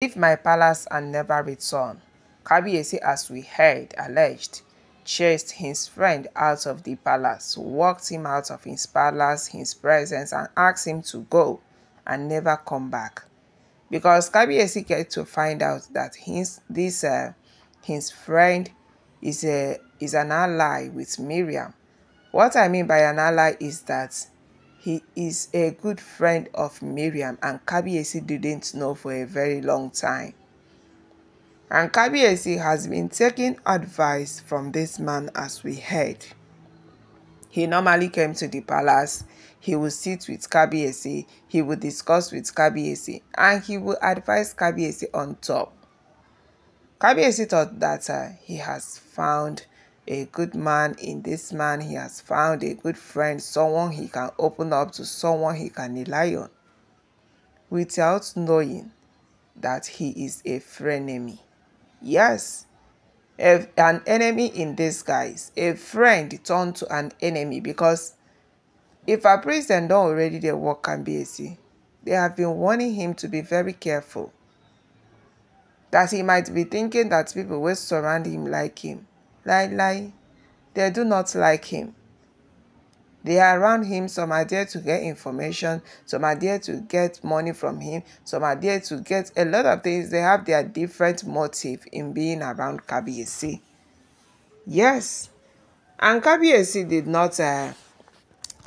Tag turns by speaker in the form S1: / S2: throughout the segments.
S1: leave my palace and never return. Kabiesi, as we heard, alleged, chased his friend out of the palace, walked him out of his palace, his presence, and asked him to go and never come back. Because Kabiesi get to find out that his, this, uh, his friend is, a, is an ally with Miriam. What I mean by an ally is that he is a good friend of Miriam and Kabiesi didn't know for a very long time. And Kabiesi has been taking advice from this man as we heard. He normally came to the palace, he would sit with Kabiesi, he would discuss with Kabiesi, and he would advise Kabiesi on top. Kabiesi thought that uh, he has found a good man in this man he has found a good friend someone he can open up to someone he can rely on without knowing that he is a frenemy yes if an enemy in disguise a friend turned to an enemy because if a priest and don't already their work can be easy they have been warning him to be very careful that he might be thinking that people will surround him like him Lie lie, they do not like him. They are around him. Some are there to get information. Some are there to get money from him. Some are there to get a lot of things. They have their different motive in being around Kabiyesi. Yes. And Kabiyesi did not uh,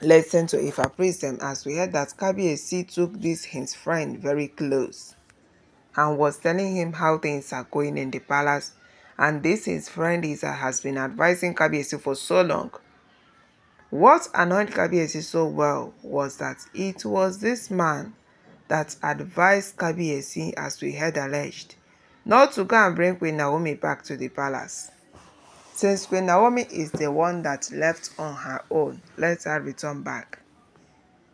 S1: listen to Ifa priest. him, as we heard that Kabiyesi took this his friend very close and was telling him how things are going in the palace and this his friend is, has been advising Kabiesi for so long. What annoyed Kabiesi so well was that it was this man that advised Kabiesi, as we had alleged, not to go and bring Queen Naomi back to the palace. Since Queen Naomi is the one that left on her own, let her return back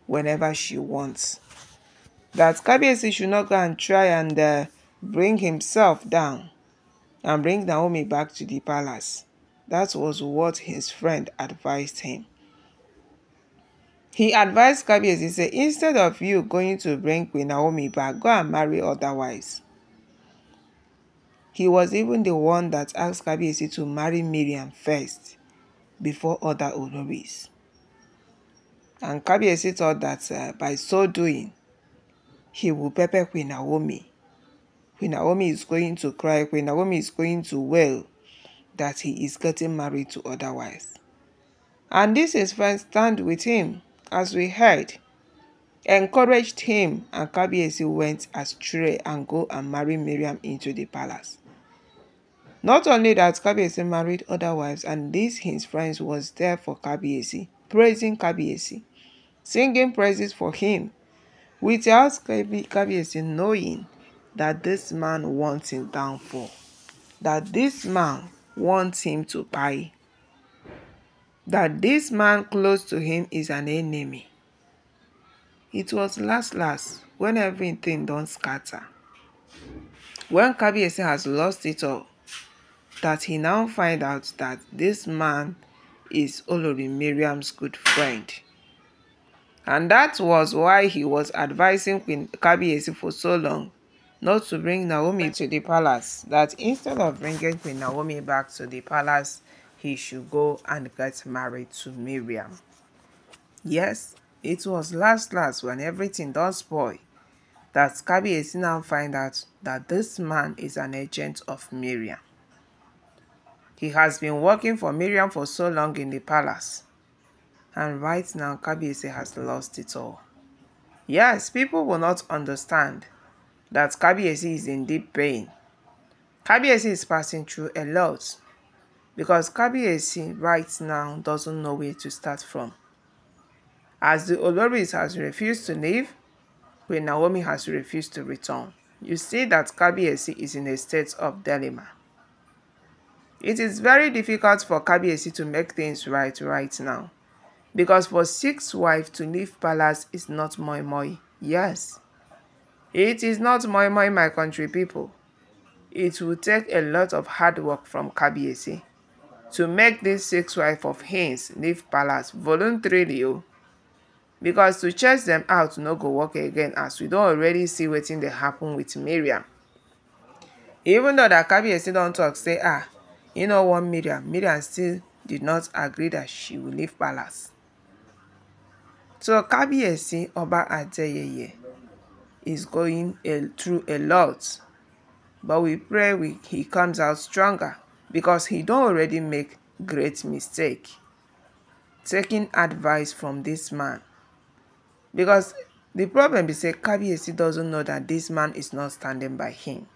S1: whenever she wants. That Kabiesi should not go and try and uh, bring himself down and bring Naomi back to the palace. That was what his friend advised him. He advised Kabies, he said, instead of you going to bring Queen Naomi back, go and marry other He was even the one that asked Kabiesi to marry Miriam first before other honorees. And Kabiesi thought that uh, by so doing, he would pepper Queen Naomi when Naomi is going to cry, when Naomi is going to wail, that he is getting married to otherwise. And this is friends stand with him, as we heard, encouraged him, and Kabiesi went astray and go and marry Miriam into the palace. Not only that, Kabiesi married other wives, and these his friends was there for Kabiesi, praising Kabiesi, singing praises for him, without Kabiesi knowing that this man wants him down for, that this man wants him to buy, that this man close to him is an enemy. It was last last when everything don't scatter. When Kabiese has lost it all, that he now find out that this man is Olori Miriam's good friend. And that was why he was advising Queen Kabiesi for so long not to bring Naomi to the palace, that instead of bringing Queen Naomi back to the palace, he should go and get married to Miriam. Yes, it was last last when everything does spoil that Kabi now find out that this man is an agent of Miriam. He has been working for Miriam for so long in the palace. And right now, Kabiese has lost it all. Yes, people will not understand that Kabiesi is in deep pain. Kabiesi is passing through a lot because Kabiesi right now doesn't know where to start from. As the Oloris has refused to leave, when Naomi has refused to return, you see that Kabiesi is in a state of dilemma. It is very difficult for Kabiesi to make things right right now because for six wives to leave palace is not moi moi, yes. It is not moi moi my country people. It will take a lot of hard work from Kabiesi to make this six wife of Haynes leave palace voluntarily Because to chase them out no go work again as we don't already see wetin dey happen with Miriam. Even though that Kabiesi don't talk say ah, you know want Miriam, Miriam still did not agree that she will leave palace. So Kabiesi Oba Adeyeye is going through a lot. But we pray we, he comes out stronger because he don't already make great mistake. Taking advice from this man. Because the problem is that Kabiesi doesn't know that this man is not standing by him.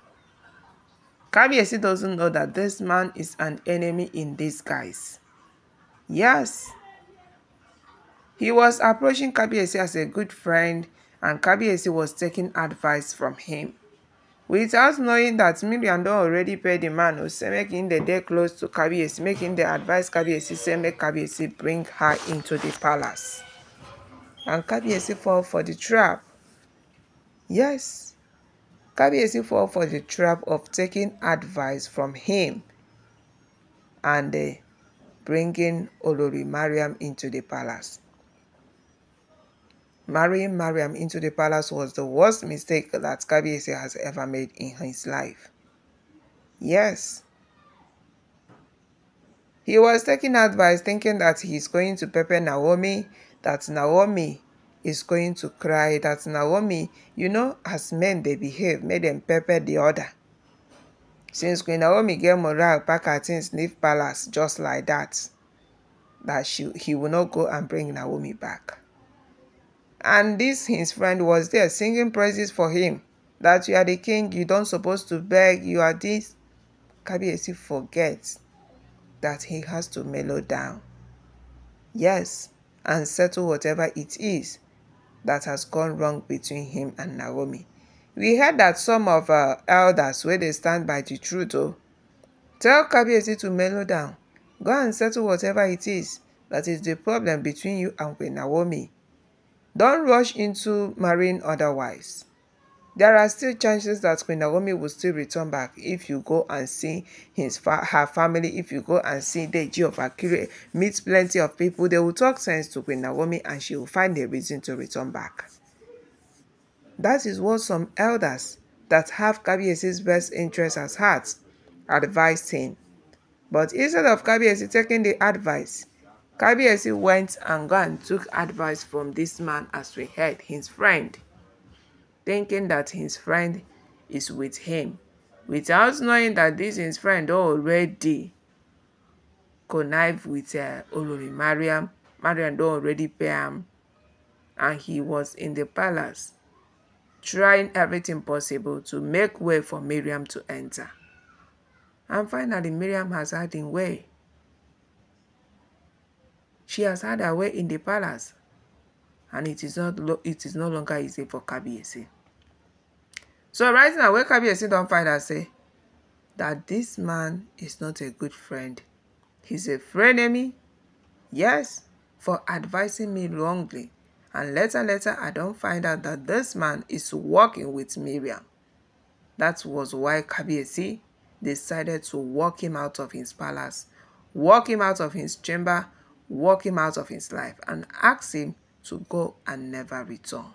S1: Kabiesi doesn't know that this man is an enemy in disguise. Yes. He was approaching Kabiesi as a good friend and Kabiesi was taking advice from him. Without knowing that Miriam already paid the man who say making the dey close to Kabiesi, making the advice advise Kabiesi say make Kabiesi bring her into the palace. And Kabiesi fall for the trap. Yes, Kabiesi fall for the trap of taking advice from him and uh, bringing Olori Mariam into the palace. Marrying Mariam into the palace was the worst mistake that Kabiese has ever made in his life. Yes. He was taking advice, thinking that he's going to pepper Naomi, that Naomi is going to cry, that Naomi, you know, as men they behave, made them pepper the other. Since Queen Naomi gave morale back at his Sniff Palace just like that, that she, he will not go and bring Naomi back. And this his friend was there singing praises for him. That you are the king, you don't supposed to beg, you are this. Kabiesi forgets that he has to mellow down. Yes, and settle whatever it is that has gone wrong between him and Naomi. We heard that some of our elders, where they stand by the truth, oh, tell Kabiesi to mellow down. Go and settle whatever it is that is the problem between you and Naomi. Don't rush into marrying otherwise. There are still chances that Queen Naomi will still return back if you go and see his fa her family, if you go and see Deji of Akire, meet plenty of people. They will talk sense to Queen Naomi and she will find a reason to return back. That is what some elders that have Kabiyesi's best interest at heart advised him. But instead of Kabiyesi taking the advice, Kabiyesi went and gone took advice from this man as we heard, his friend, thinking that his friend is with him, without knowing that this his friend already connive with uh, Olori Mariam. Mariam already pay him, and he was in the palace trying everything possible to make way for Miriam to enter. And finally, Miriam has had in way. She has had her way in the palace, and it is not it is no longer easy for Kabiesi. So right now, where Kabiesi don't find her say that this man is not a good friend. He's a frenemy, yes, for advising me wrongly. And later, later, I don't find out that this man is working with Miriam. That was why Kabiesi decided to walk him out of his palace, walk him out of his chamber, walk him out of his life and ask him to go and never return.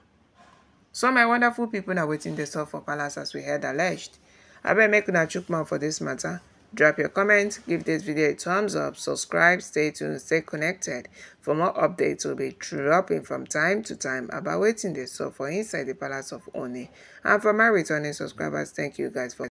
S1: So my wonderful people are waiting the for palace as we heard alleged. I will make una chook mouth for this matter. Drop your comment, give this video a thumbs up, subscribe, stay tuned, stay connected. For more updates will be dropping from time to time about waiting the for inside the palace of Oni. And for my returning subscribers, thank you guys for